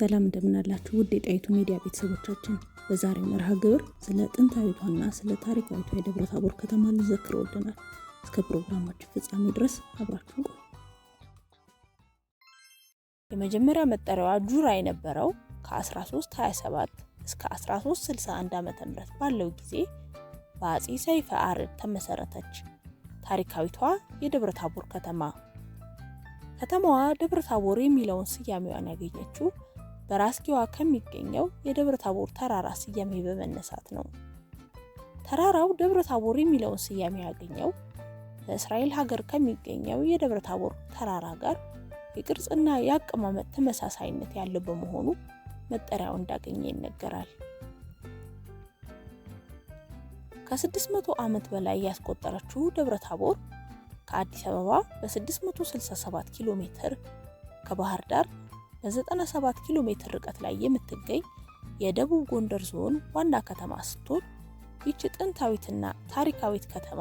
ሰላም እንደምናላችሁ ውድ የጣይቱ ሚዲያ ቤተሰቦቻችን፣ በዛሬው መርሃ ግብር ስለ ጥንታዊቷና ስለ ታሪካዊቷ የደብረ ታቦር ከተማ ልንዘክር ወደናል። እስከ ፕሮግራማችን ፍጻሜ ድረስ አብራችሁ ቆዩ። የመጀመሪያ መጠሪያዋ ጁራ የነበረው ከ1327 እስከ 1361 ዓ ም ባለው ጊዜ በአጼ ሰይፈ አርድ ተመሰረተች። ታሪካዊቷ የደብረ ታቦር ከተማ ከተማዋ ደብረ ታቦር የሚለውን ስያሜዋን ያገኘችው በራስጌዋ ከሚገኘው የደብረ ታቦር ተራራ ስያሜ በመነሳት ነው። ተራራው ደብረ ታቦር የሚለውን ስያሜ ያገኘው በእስራኤል ሀገር ከሚገኘው የደብረ ታቦር ተራራ ጋር የቅርጽና የአቀማመጥ ተመሳሳይነት ያለው በመሆኑ መጠሪያው እንዳገኘ ይነገራል። ከ600 ዓመት በላይ ያስቆጠረችው ደብረ ታቦር ከአዲስ አበባ በ667 ኪሎ ሜትር ከባህር ዳር በ97 ኪሎ ሜትር ርቀት ላይ የምትገኝ የደቡብ ጎንደር ዞን ዋና ከተማ ስትሆን ይች ጥንታዊትና ታሪካዊት ከተማ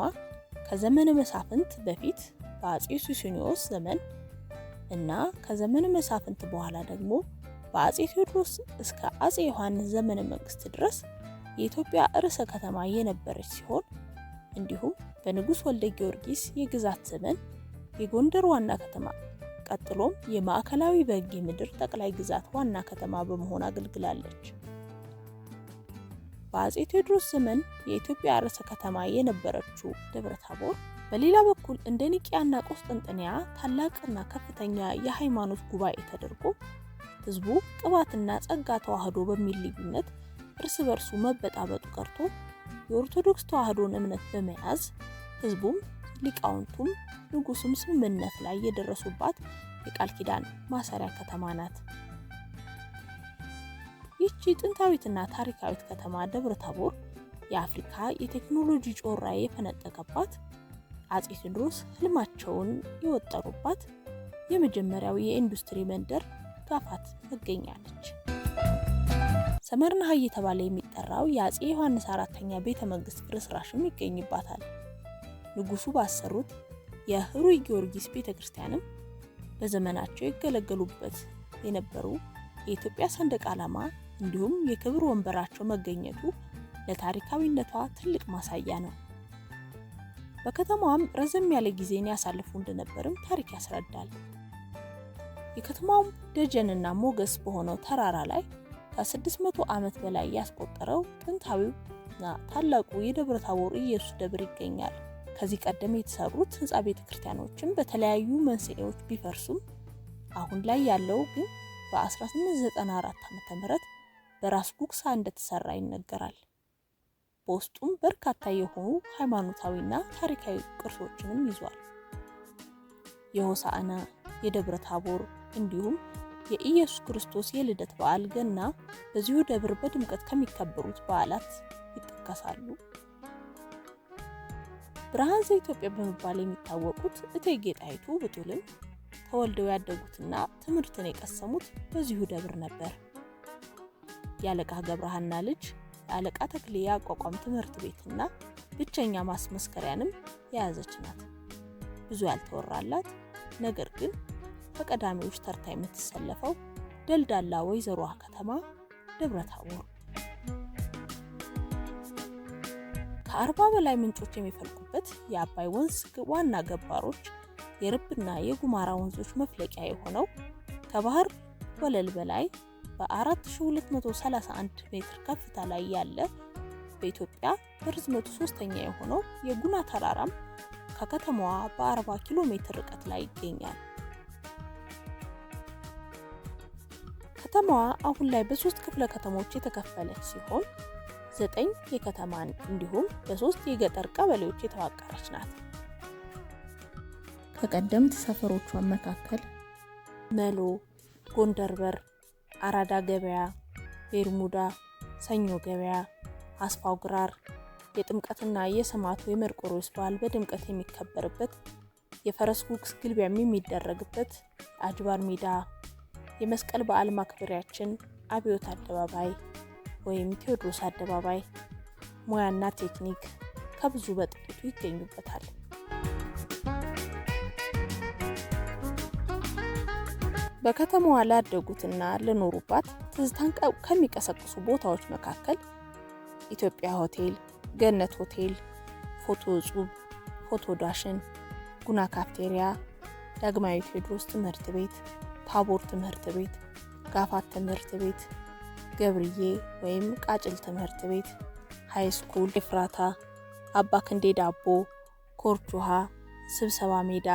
ከዘመነ መሳፍንት በፊት በአጼ ሱስንዮስ ዘመን እና ከዘመነ መሳፍንት በኋላ ደግሞ በአጼ ቴዎድሮስ እስከ አጼ ዮሐንስ ዘመነ መንግስት ድረስ የኢትዮጵያ ርዕሰ ከተማ የነበረች ሲሆን እንዲሁም በንጉሥ ወልደ ጊዮርጊስ የግዛት ዘመን የጎንደር ዋና ከተማ ቀጥሎም የማዕከላዊ በጌ ምድር ጠቅላይ ግዛት ዋና ከተማ በመሆን አገልግላለች። በአጼ ቴዎድሮስ ዘመን የኢትዮጵያ ርዕሰ ከተማ የነበረችው ደብረ ታቦር በሌላ በኩል እንደ ኒቂያና ቆስጠንጥንያ ታላቅና ከፍተኛ የሃይማኖት ጉባኤ ተደርጎ ሕዝቡ ቅባትና ጸጋ ተዋህዶ በሚል ልዩነት እርስ በርሱ መበጣበጡ ቀርቶ የኦርቶዶክስ ተዋህዶን እምነት በመያዝ ሕዝቡም ሊቃውንቱም ንጉሱም ስምምነት ላይ የደረሱባት የቃል ኪዳን ማሰሪያ ከተማ ናት። ይቺ ጥንታዊትና ታሪካዊት ከተማ ደብረ ታቦር የአፍሪካ የቴክኖሎጂ ጮራ የፈነጠቀባት አጼ ቴዎድሮስ ህልማቸውን የወጠሩባት የመጀመሪያው የኢንዱስትሪ መንደር ጋፋት ትገኛለች። ሰመርናሀ እየተባለ የሚጠራው የአጼ ዮሐንስ አራተኛ ቤተ መንግስት ፍርስራሽም ይገኝባታል። ንጉሱ ባሰሩት የህሩይ ጊዮርጊስ ቤተ ክርስቲያንም በዘመናቸው ይገለገሉበት የነበሩ የኢትዮጵያ ሰንደቅ ዓላማ እንዲሁም የክብር ወንበራቸው መገኘቱ ለታሪካዊነቷ ትልቅ ማሳያ ነው። በከተማዋም ረዘም ያለ ጊዜን ያሳልፉ እንደነበርም ታሪክ ያስረዳል። የከተማውም ደጀንና ሞገስ በሆነው ተራራ ላይ ከ600 ዓመት በላይ ያስቆጠረው ጥንታዊውና ታላቁ የደብረ ታቦር ኢየሱስ ደብር ይገኛል። ከዚህ ቀደም የተሰሩት ህንፃ ቤተ ክርስቲያኖችን በተለያዩ መንስኤዎች ቢፈርሱም አሁን ላይ ያለው ግን በ1894 ም በራስ ጉግሳ እንደተሰራ ይነገራል። በውስጡም በርካታ የሆኑ ሃይማኖታዊና ታሪካዊ ቅርሶችንም ይዟል። የሆሳዕና፣ የደብረ ታቦር እንዲሁም የኢየሱስ ክርስቶስ የልደት በዓል ገና በዚሁ ደብር በድምቀት ከሚከበሩት በዓላት ይጠቀሳሉ። ብርሃን ዘኢትዮጵያ በመባል የሚታወቁት እቴጌ ጣይቱ ብጡልን ተወልደው ያደጉትና ትምህርትን የቀሰሙት በዚሁ ደብር ነበር። የአለቃ ገብረሃና ልጅ የአለቃ ተክሌ ያቋቋም ትምህርት ቤትና ብቸኛ ማስመስከሪያንም የያዘች ናት። ብዙ ያልተወራላት ነገር ግን ከቀዳሚዎች ተርታ የምትሰለፈው ደልዳላ ወይዘሮዋ ከተማ ደብረ ታቦር ከአርባ በላይ ምንጮች የሚፈልቁበት የአባይ ወንዝ ዋና ገባሮች የርብና የጉማራ ወንዞች መፍለቂያ የሆነው ከባህር ወለል በላይ በ4231 ሜትር ከፍታ ላይ ያለ በኢትዮጵያ በርዝመቱ ሶስተኛ የሆነው የጉና ተራራም ከከተማዋ በ40 ኪሎ ሜትር ርቀት ላይ ይገኛል። ከተማዋ አሁን ላይ በሶስት ክፍለ ከተሞች የተከፈለች ሲሆን ዘጠኝ የከተማን እንዲሁም በሶስት የገጠር ቀበሌዎች የተዋቀረች ናት። ከቀደምት ሰፈሮቿ መካከል መሎ፣ ጎንደር በር፣ አራዳ ገበያ፣ ቤርሙዳ፣ ሰኞ ገበያ፣ አስፋው ግራር የጥምቀትና የሰማዕቱ የመርቆሮስ በዓል በድምቀት የሚከበርበት የፈረስ ጉግስ ግልቢያም የሚደረግበት አጅባር ሜዳ፣ የመስቀል በዓል ማክበሪያችን አብዮት አደባባይ ወይም ቴዎድሮስ አደባባይ ሙያና ቴክኒክ ከብዙ በጥቂቱ ይገኙበታል። በከተማዋ ላደጉትና ለኖሩባት ትዝታን ከሚቀሰቅሱ ቦታዎች መካከል ኢትዮጵያ ሆቴል፣ ገነት ሆቴል፣ ፎቶ ጹብ፣ ፎቶ ዳሽን፣ ጉና ካፍቴሪያ፣ ዳግማዊ ቴዎድሮስ ትምህርት ቤት፣ ታቦር ትምህርት ቤት፣ ጋፋት ትምህርት ቤት ገብርዬ ወይም ቃጭል ትምህርት ቤት፣ ሃይ ስኩል፣ ኤፍራታ፣ አባ ክንዴ ዳቦ፣ ኮርች ውሃ፣ ስብሰባ ሜዳ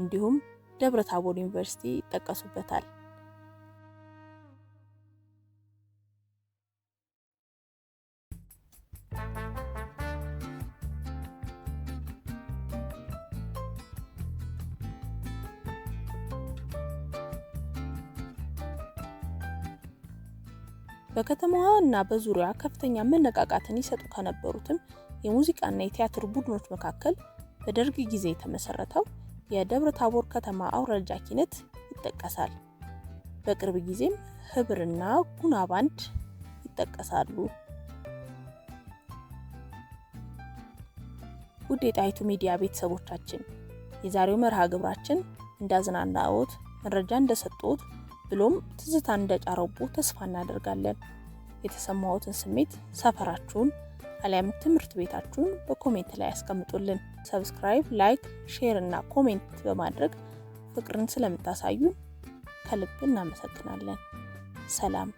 እንዲሁም ደብረ ታቦር ዩኒቨርሲቲ ይጠቀሱበታል። በከተማዋ እና በዙሪያዋ ከፍተኛ መነቃቃትን ይሰጡ ከነበሩትም የሙዚቃና የቲያትር ቡድኖች መካከል በደርግ ጊዜ የተመሰረተው የደብረ ታቦር ከተማ አውራጃ ኪነት ይጠቀሳል። በቅርብ ጊዜም ህብርና ጉና ባንድ ይጠቀሳሉ። ውድ የጣይቱ ሚዲያ ቤተሰቦቻችን የዛሬው መርሃ ግብራችን እንዳዝናናዎት መረጃ እንደሰጡት ብሎም ትዝታን እንደጫረቡ ተስፋ እናደርጋለን። የተሰማዎትን ስሜት፣ ሰፈራችሁን አሊያም ትምህርት ቤታችሁን በኮሜንት ላይ ያስቀምጡልን። ሰብስክራይብ፣ ላይክ፣ ሼር እና ኮሜንት በማድረግ ፍቅርን ስለምታሳዩ ከልብ እናመሰግናለን። ሰላም